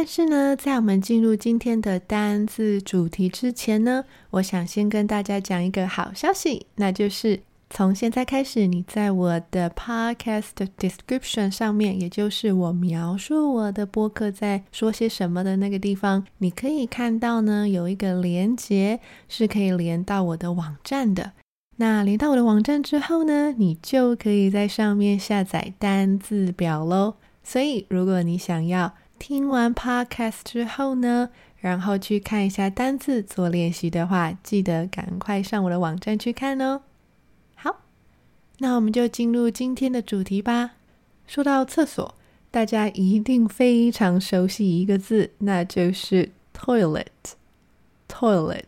但是呢，在我們進入今天的單字主題之前呢，我想先跟大家講一個好消息，那就是從現在開始，你在我的 Podcast description 上面，也就是我描述我的播客在說些什麼的那個地方，你可以看到呢有一個連結，是可以連到我的網站的。那連到我的網站之後呢，你就可以在上面下載單字表嘍。所以，如果你想要，聽完 podcast 之後呢，然後去看一下單字做練習的話，記得趕快上我的網站去看哦。好，那我們就進入今天的主題吧。說到廁所，大家一定非常熟悉一個字，那就是 toilet。toilet，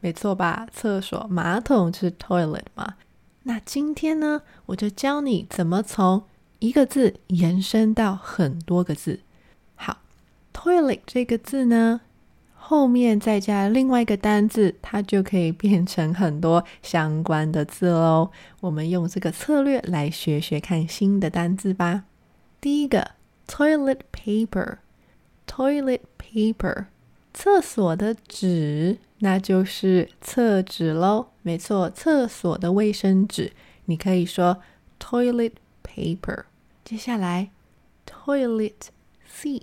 沒錯吧？廁所、馬桶是 toilet 嘛。那今天呢，我就教你怎麼從一個字延伸到很多個字。toilet 這個字呢，後面再加另外一個單字，它就可以變成很多相關的字嘍。我們用這個策略來學學看新的單字吧。第一個，toilet paper，toilet paper，廁所的紙，那就是廁紙嘍。沒錯，廁所的衛生紙，你可以說 toilet paper。接下來，toilet seat。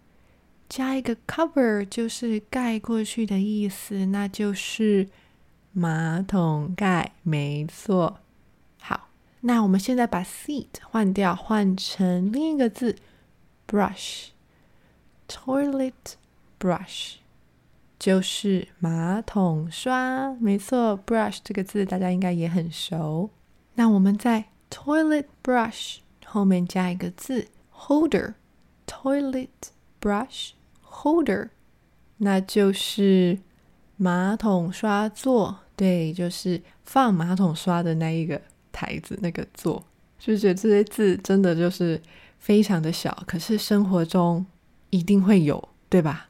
加一個 cover 就是蓋過去的意思，那就是馬桶蓋，沒錯。好，那我們現在把 seat 換掉，換成另一個字 brush，toilet brush 就是馬桶刷，沒錯。brush 這個字大家應該也很熟。那我們在 toilet brush 後面加一個字 holder，toilet brush。Holder，那就是馬桶刷座，對，就是放馬桶刷的那一個台子，那個座。就是這些字真的就是非常的小，可是生活中一定會有，對吧？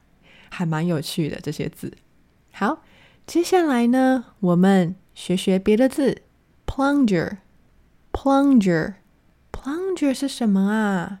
還蠻有趣的這些字。好，接下來呢，我們學學別的字。Plunger, Plunger，Plunger，Plunger 是什麼啊？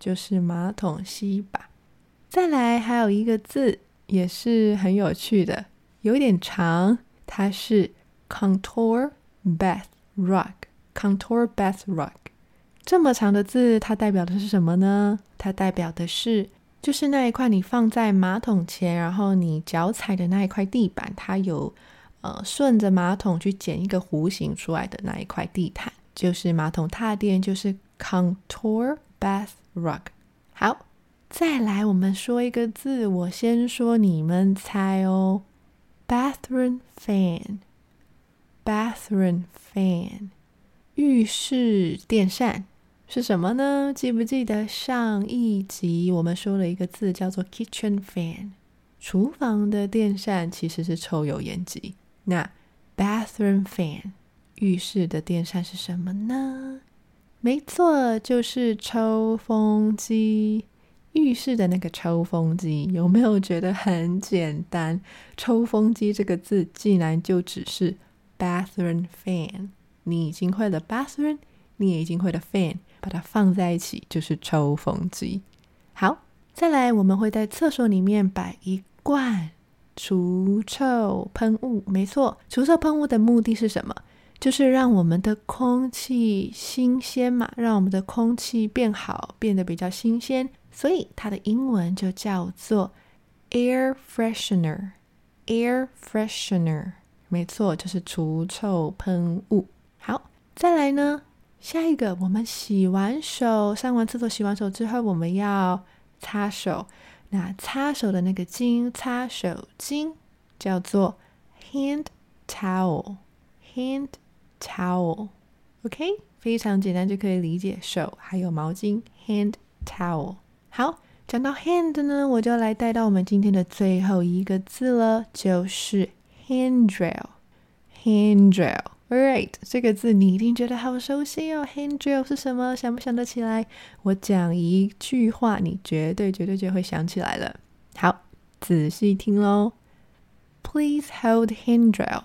就是馬桶吸把，再來還有一個字也是很有趣的，有點長，它是 contour bath rug, contour bath rug contour bath rug 這麼長的字，它代表的是什麼呢？它代表的是就是那一塊你放在馬桶前，然後你腳踩的那一塊地板，它有呃順着馬桶去剪一個弧形出來的那一塊地毯，就是馬桶踏墊，就是 contour。Bath rug，好，再來，我們說一個字，我先說，你們猜哦。Bathroom fan，bathroom fan，浴室電扇是什麼呢？記不記得上一集我們說了一個字叫做 kitchen fan，廚房的電扇其實是抽油煙機。那 bathroom fan，浴室的電扇是什麼呢？沒錯，就是抽風機，浴室的那個抽風機，有沒有覺得很簡單？抽風機這個字竟然就只是 bathroom fan。你已經會了 bathroom，你也已經會了 fan，把它放在一起就是抽風機。好，再來，我們會在廁所裡面擺一罐除臭噴霧。沒錯，除臭噴霧的目的是什麼？就是讓我們的空氣新鮮嘛，讓我們的空氣變好，變得比較新鮮，所以它的英文就叫做 air freshener。air freshener，沒錯，就是除臭噴霧。好，再來呢，下一個，我們洗完手上完廁所洗完手之後，我們要擦手，那擦手的那個巾，擦手巾叫做 hand towel。hand Towel，OK，非常簡單就可以理解。手還有毛巾，hand towel。好，講到 hand 呢，我就來帶到我們今天的最後一個字了，就是 handrail。handrail，right，這個字你一定覺得好熟悉哦。handrail 是什麼？想不想得起來？我講一句話，你絕對絕對就會想起來了。好，仔細聽嘍。Please hold handrail.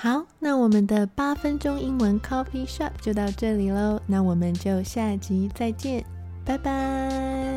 好，那我們的八分鐘英文 Coffee Shop 就到這裡嘍。那我們就下集再見，拜拜。